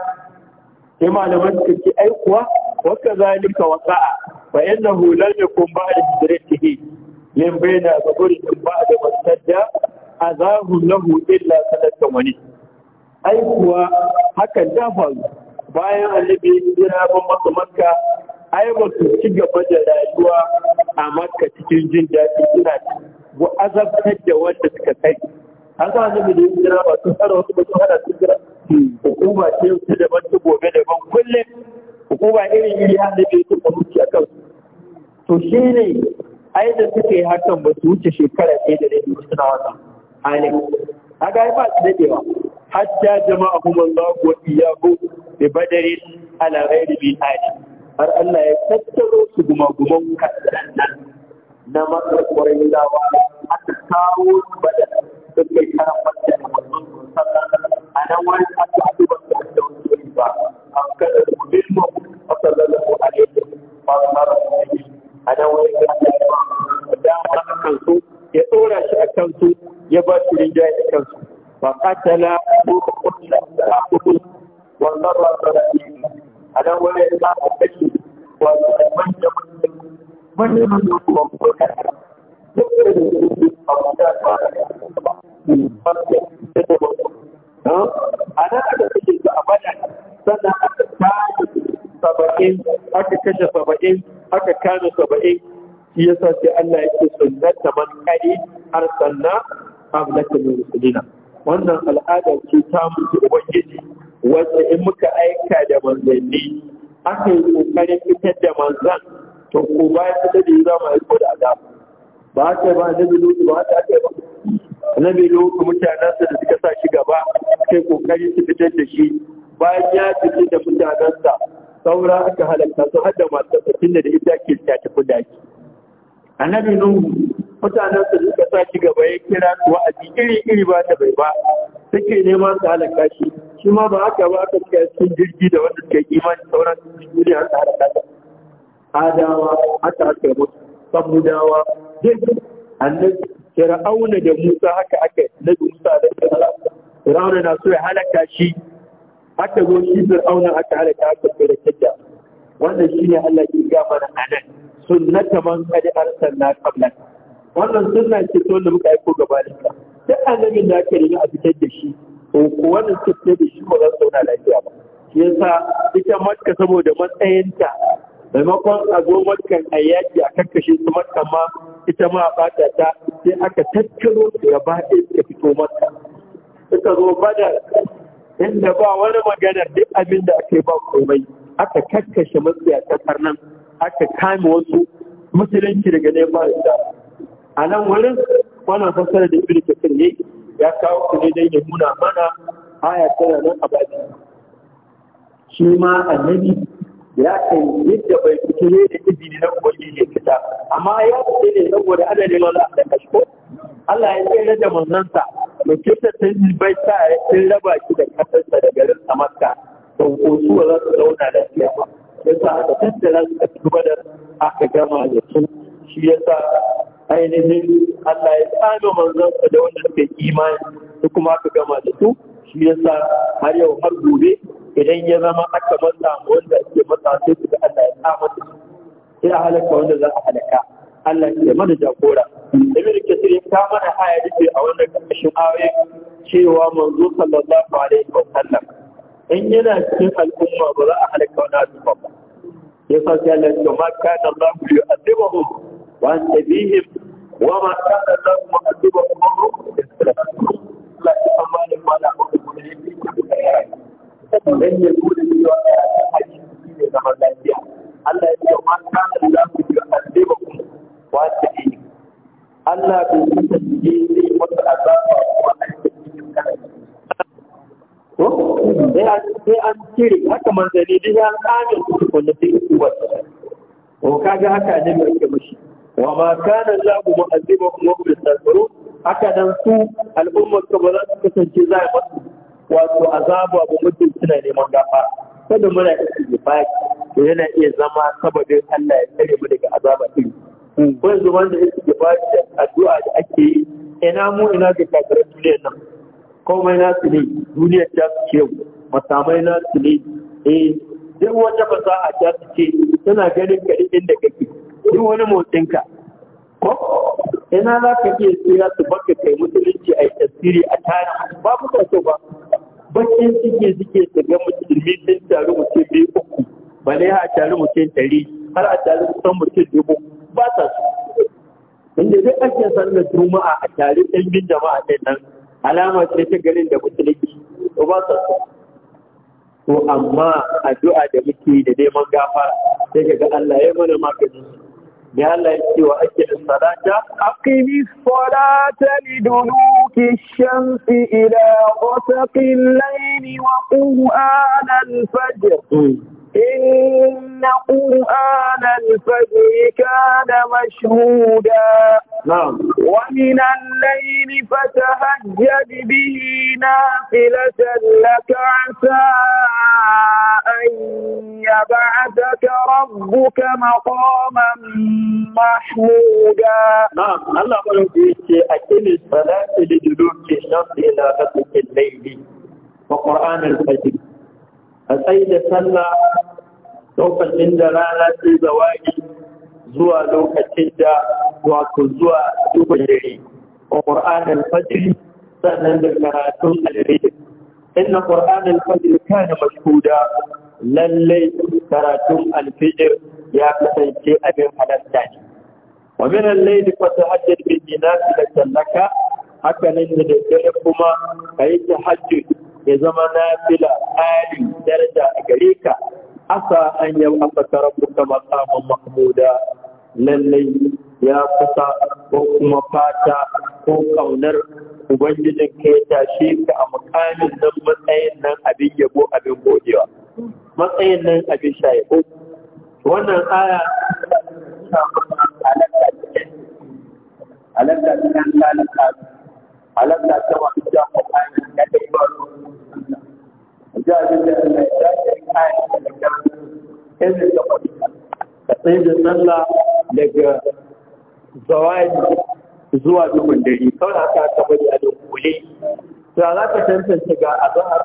sai malaman suka ce ai kuwa waka zalika wasa'a fa innahu lam yakun ba'da hijratihi min baina zuhurin ba'da mastadda azahu lahu illa sanatan wani Aikuwa, hakan ta faru bayan annabi ya ban masa makka ai ba su ci gaba da rayuwa a maka cikin jin daɗi suna wa azabtar da wanda suka kai an sa wani mai yin jira ba sun tsara wasu mutum hana hada sun jira hukuma ce ta daban ta gobe daban kullum hukuma irin iri har da bai tuka mutu a kan to shi ne ai da suka yi hakan ba su wuce shekara ɗaya da rabi wasu na wata halin a ga ba su daɗewa hatta jama'a kuma ku iya ku bi badare ala ghairi bi hali har Allah ya tattaro su gumaguman kaɗan na matsar kwarin dawa ta kawo su bada sun kai karan bada da wannan musamman a nan wani aka haɗu ba su da wasu wani ba a kada su bilmo a sallallahu mara su ne a nan wani aka yi ba dama a kansu ya tsora shi a kansu ya ba su rinjaye a kansu ba katala ko kuma da a kuma wannan su da a nan wurin a kashe wato manya-manyan Wani manyan kuma kuma kasa duk da da su a kusa ba a kasa ba ba su da da wasu a nan aka kashe su a bada sannan aka kama saba'in aka kashe saba'in aka kama saba'in shi yasa sai Allah ya ce sunnata man kari har sannan wannan al'ada ce ta mutu ubangiji wanda in muka aika da manzanni aka yi kokarin fitar da manzan to ko ya fitar da yi za mu aiko da azabu ba ta ba na bi lutu ba ta aka ba. ba annabi lutu mutanensa da suka sa shi gaba kai kokarin su fitar da shi bayan ya fitar da mutanensa saura aka halatta su har da masu da ita ke ta tafi daki annabi nuhu mutanen su suka sa shi gaba ya kira su wa'azi iri iri ba ta bai ba take nema su halaka shi shi ma ba haka ba aka cika cikin jirgi da wanda suka yi imani sauran duniya har halaka ta adawa haka aka yi mutu samudawa duk annabi Auna da musa haka aka na musa da fir'auna na so ya halaka shi aka zo shi auna aka halaka aka da kyakkyawa. wannan shine Allah ya gama mana anan sunnata man qad na qablaka wannan sunna ce ta da muka aiko da ka duk annabin da aka riga a fitar da shi ko wannan suka da shi ba za zauna lafiya ba shi yasa ita matka saboda matsayinta maimakon a zo matkan a yaki a karkashe su matkan ma ita ma a bata ta sai aka tattaro gaba ɗaya suka fito matka suka zo badar inda ba wani magana duk abin da aka yi ba komai aka kakkashe matsaya ta nan, aka kame wasu musulunci daga neman da a nan wurin wannan fassara da ibi da ne ya kawo su ne dai ya nuna mana aya tana nan a baki shi ma annabi ya kan yadda bai fito ne da izini na ne ya fita amma ya fito ne saboda adadin a da kashko Allah ya tsere da manzansa da kita ta yi bai sa ya tun raba shi da kasarsa da garin Samarka don kosuwa za su zauna da siyama ya sa aka tattara su a cikin aka gama da su shi ya sa ainihin Allah ya tsano manzansa da wanda suka imani su kuma aka gama da su shi yasa har yau har gobe idan ya zama aka matsa wanda ke masa sai su ga Allah ya tsama su sai a halaka wanda za a halaka Allah ya mana jagora Ibn Kathir ya ka mana aya dace a wannan kashin aure cewa manzo sallallahu alaihi wa sallam in yana cikin al'umma ba za a halaka wani al'umma ba yasa sai Allah ya ce ma kana Allah yu'adhibuhum wa antabihim a كان الله معذبهم وهم يستغفرون لا تأمن ولا dan ya nuna cewa hadisi shi ne zaman lafiya Allah ya ce ma kana Allah ku ga addaba ku wace ne Allah bai yi tafiye zai masa azaba ko an cikin kai sai an kiri haka manzanni duk an kame su ko na ko kaga haka ne mai kamashi ma kana za mu mu'azziba ku mu tsaro Aka dan su al'ummar ka ba za su kasance za a wato azabu abu mutum suna neman gafa kada muna istighfari to yana iya zama sababin Allah ya kare mu daga azaba din kun zuwa da istighfari da addu'a da ake yi ina mu ina ga kafirin duniyar nan mai na su ne duniyar ta su ce masamai na su ne eh duk wata fasaha ta su ce tana ganin ka inda kake duk wani motsinka ko ina za ka iya tsira su baka kai musulunci a yi tasiri a tara ba mu so ba bakin suke suke su ga musulmi sun taru mutum biyu uku ba ne a taru mutum ɗari har a taru kusan mutum dubu ba sa su inda duk ake sallar juma'a a tare bin jama'a ɗin nan alama ce ta garin da musulunci to ba sa su to amma addu'a da muke da neman gafara sai ga Allah ya mana maganin بهلا يأتي وأجل الصلاة أقم الصلاة لدنوك الشمس إلى غسق الليل وقرآن الفجر إن قرآن الفجر كان مشهودا نعم ومن الليل فتهجد به نافلة لك عسى بعثك ربك مقاما محمودا نعم الله ملوكيك أكل الصلاة لدلوك الشمس إلى غسق الليل وقرآن الفجر السيد صلى lokacin da rana ta zawaki zuwa lokacin da wato zuwa duba dare wa Qur'an sannan da karatun al inna qur'an al-fajr mashuda lallai karatun alfijir ya kasance abin halatta ne lallai da al-layl fatahajjad bi nafilatan laka haka nan da dare kuma ta tahajjud ya zama nafila ali daraja a gare ka asa an yau abata rabbuka maqaman mahmuda lallai. ya kusa ko kuma fata ko kaunar ubangijin ka ya tashe ka a makamin nan matsayin nan abin yabo abin godewa matsayin nan abin shaye wannan aya halatta cikin halatta halatta ta wani jan kwanan ya ɗai ba su ja da da mai jajen kayan da da ka tsaye da sallah daga zawali zuwa dukkan dare kawai haka aka bari a kule sai za ka tantance ga azhar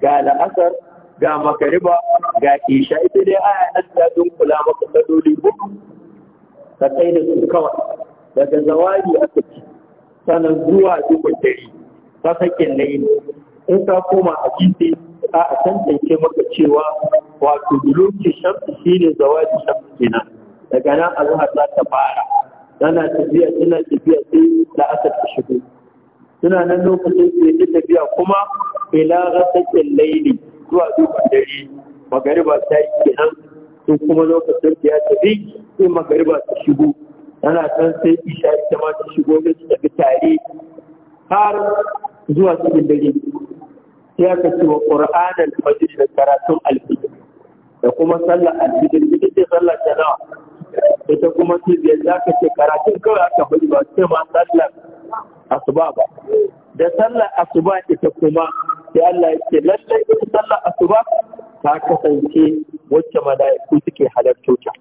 ga la'asar ga makariba ga isha ita dai aya nan ta kula maka sadoli hudu ka kai da su kawai daga zawali aka ci sanan zuwa dukkan dare ta sakin layi in ka koma a jisi a a tantance maka cewa wato duluki shamsu shine zawai shafi kenan daga nan azhar za ta fara tana tafiya tana tafiya sai da aka ta shigo suna nan lokacin da yake tafiya kuma ila rasakin laili zuwa dukan dare magariba ta yi kenan sun kuma lokacin da ya tafi sai magariba ta shigo tana san sai isha ta ma ta shigo da ta tafi tare har zuwa cikin dare sai aka ce wa qur'anan fajr da karatun alfijir da kuma sallar alfijir ita ce sallar ta nawa ita kuma cibiyar za ka ce karatun kawai aka bari ba sai ma sallar asuba ba da sallar asuba ita kuma sai Allah ya ce lallai ita sallar asuba ta kasance wacce mala'iku suke halarta ta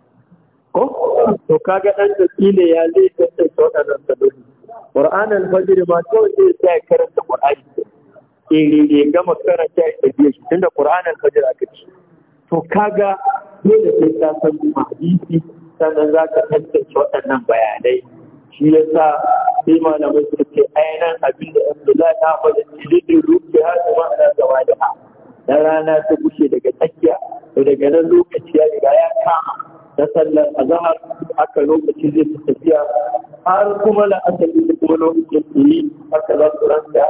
ko to kaga dan ne ya zai nan wadannan dole Qur'an al-Fajr ma to sai sai karanta Qur'ani eh, eh, eh gama karanta ya je shi tunda Qur'an al-Fajr aka ce to kaga dole sai ta san hadisi sannan za ka tantance waɗannan bayanai shi ya sa sai malamai suka ce ainihin abin da yan da ta faɗa cikin rufe har da ma'ana gaba da ha na rana ta bushe daga tsakiya da daga nan lokaci ya riga ya kama na sallar azahar aka lokaci zai ta tafiya har kuma na la'asari da kuma lokacin tsiri aka za su ranta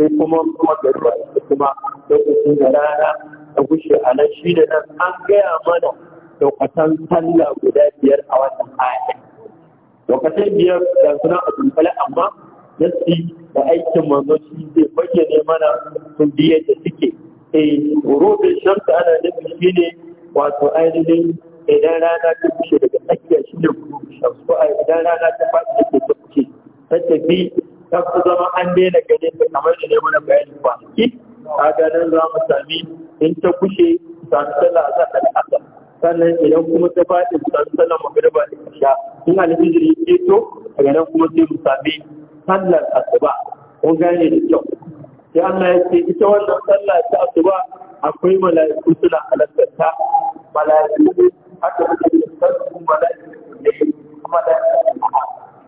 sai kuma kuma garuwa da kuma lokacin da rana ta bushe a nan shi da nan an gaya mana kwatan sallah guda biyar a wannan aya lokacin biyar da suna a dunkule amma nasi da aikin manzo shi zai ne mana sun biyar da suke eh rubin shanta ana nufin shi ne wato ainihin idan rana ta kushe daga tsakiya shi ne rubin shamsa a idan rana ta faɗi da ke ta ta tafi ta fi zama an daina gani ta kamar da ne mana ba ki a ganin za mu sami in ta kushe sami sallah a zaɓa sannan idan kuma ta faɗi musan sallar magariba da isha in alfijir ya keto daga nan kuma sai mu sami sallar asuba kun gane da kyau sai Allah ya ce ita wannan sallar ta asuba akwai mala'iku suna halartar ta mala'iku haka suke da sassu mala'iku ne kuma da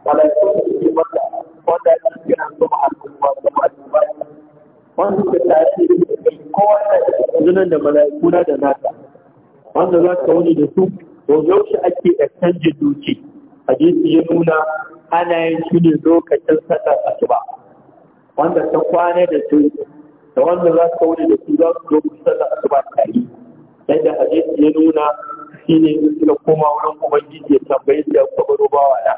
mala'iku ne wanda wanda ya ce yana so ma al'umma da ma'alumma wanda suka tashi da kowa da yanzu nan da mala'iku na da nata wanda za ka wani da su to yaushe ake canjin duki hadisi ya nuna ana yin shi ne lokacin sallar asuba wanda ta kwana da su da wanda za ka wani da su za su zo kusa da asuba tare yadda hadisi ya nuna shi ne in suka koma wurin ubangiji ya tambaye su ya kwabaro bawa na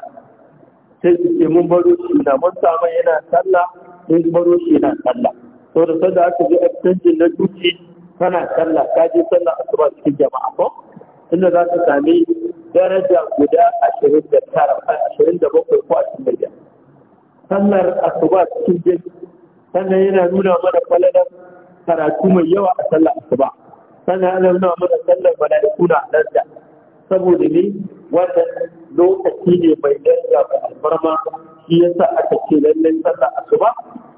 sai su ce mun baro shi na mun samu yana sallah mun baro shi yana sallah to da sanda aka je exchange na duki kana sallah ka je sallah asuba cikin jama'a ko inda za ka sami daraja guda ashirin da tara ashirin da bakwai ko ashirin da sallar asuba cikin jin sannan yana nuna mana falalar karatu mai yawa a sallar asuba sannan yana nuna mana sallar mala'iku na nan saboda ne wannan lokaci ne mai daraja mai alfarma shi yasa aka ce lallai sallar asuba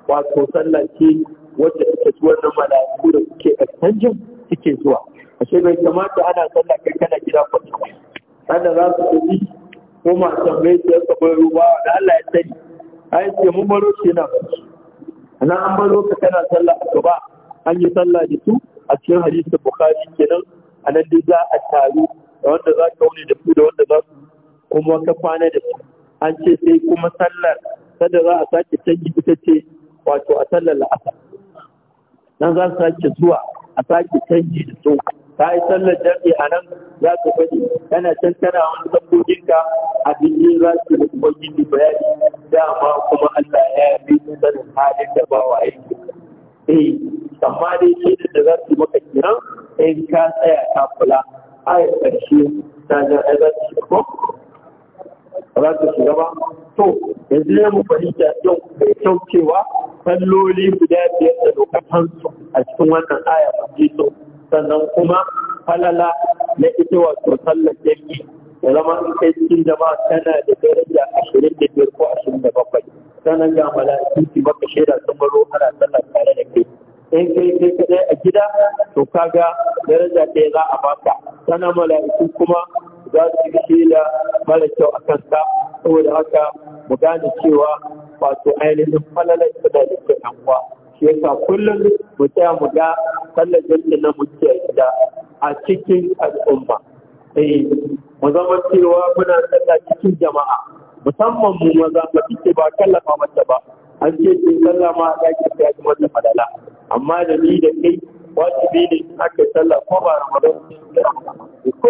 wato sallar ce wacce ita ci wannan mala'iku da canjin suke zuwa ashe bai kamata ana sallah kai kana gida kwanci ba sanda za su tafi ko ma tambaye su yasa bai ruwa da Allah ya sani ai ce mun baro shi na ana an baro ka kana sallah a gaba an yi sallah da su a cikin hadisin bukhari kenan a nan dai za a taru da wanda za ka wuni da su da wanda za su kuma ka kwana da su an ce sai kuma sallar sanda za a sake canji ita ce wato a sallar la'asa. nan za su sake zuwa a sake canji da su Ta yi sallar jami'i a nan za su faɗi kana can tana wani ka a fili za su da ubangiji bayani dama kuma Allah ya yi sanin halin da ba wa aiki eh amma dai shi da za su maka kiran in ka tsaya ka kula a ƙarshe ta ko ba za shiga to yanzu ne mu fahimta don mai kyau cewa falloli guda biyar da dokar hansu a cikin wannan aya ba ji so sannan kuma falala na ita wato sallar jami'i da zama in kai cikin jama'a tana da daraja ashirin da biyar ko ashirin da bakwai sannan ga mala'iku su baka shaida sun baro ana sallar tare da kai in kai kai kadai a gida to kaga daraja ɗaya za a baka sannan mala'iku kuma za su yi hila mara kyau a kansa saboda haka mu gane cewa wato ainihin falalai su da ke uwa shi yasa kullum mu tsaya mu ga sallar jirgin na mu gida a cikin al'umma eh mu zama cewa muna sallah cikin jama'a musamman mu maza ba kike ba kallafa mata ba an ce kin sallah ma a daki ya kuma mata amma da ni da kai wajibi ne aka sallah ko ba ramadan ko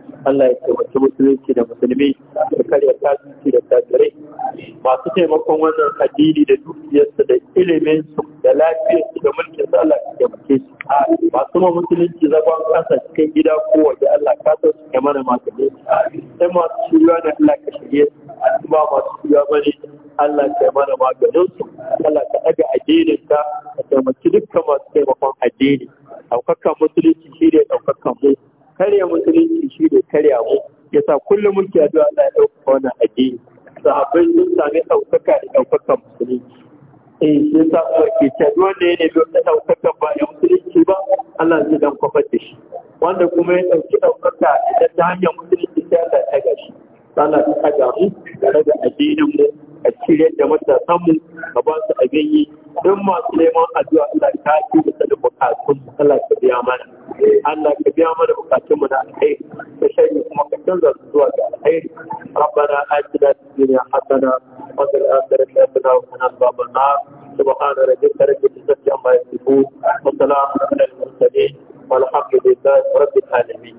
Allah ya taimaki musulunci da musulmi da karya kasuwanci da kafirai masu taimakon wannan addini da dukiyarsa da ilimin su da su da mulkin su Allah ya taimake su masu ma musulunci zagon kasa cikin gida ko waje Allah ka san su kamar masu ne sai masu shirya da Allah ka shirye su ba masu shirya bane Allah ka yi mana maganin su Allah ka ɗaga addinin ka ka taimaki dukkan masu taimakon addini ɗaukakan musulunci shi ne ɗaukakan mu karya musulunci shi ne karya mu ya sa kullum mulki a zuwa Allah ya ɗaukaka wannan addini sahabbai sun sami ɗaukaka da ɗaukakan musulunci eh shi sa kuma ke ce wanda ya nemi wata ɗaukakan ba ya musulunci ba Allah zai dan kwafar da shi wanda kuma ya ɗauki ɗaukaka idan ta hanyar musulunci sai Allah ya ɗaga shi Ala ka kaga mu tare da addinin mu a cire da matasan mu a ba su abin yi duk masu neman addu'a Allah ka ci musu da bukatun Allah ka biya mana Allah ka biya mana bukatun mu na alheri ka shari kuma ka canza su zuwa ga alheri ربنا آتنا في الدنيا حسنة وفي الآخرة حسنة وقنا عذاب النار سبحان ربك رب العزة عما يصفون وسلام على المرسلين والحمد لله رب العالمين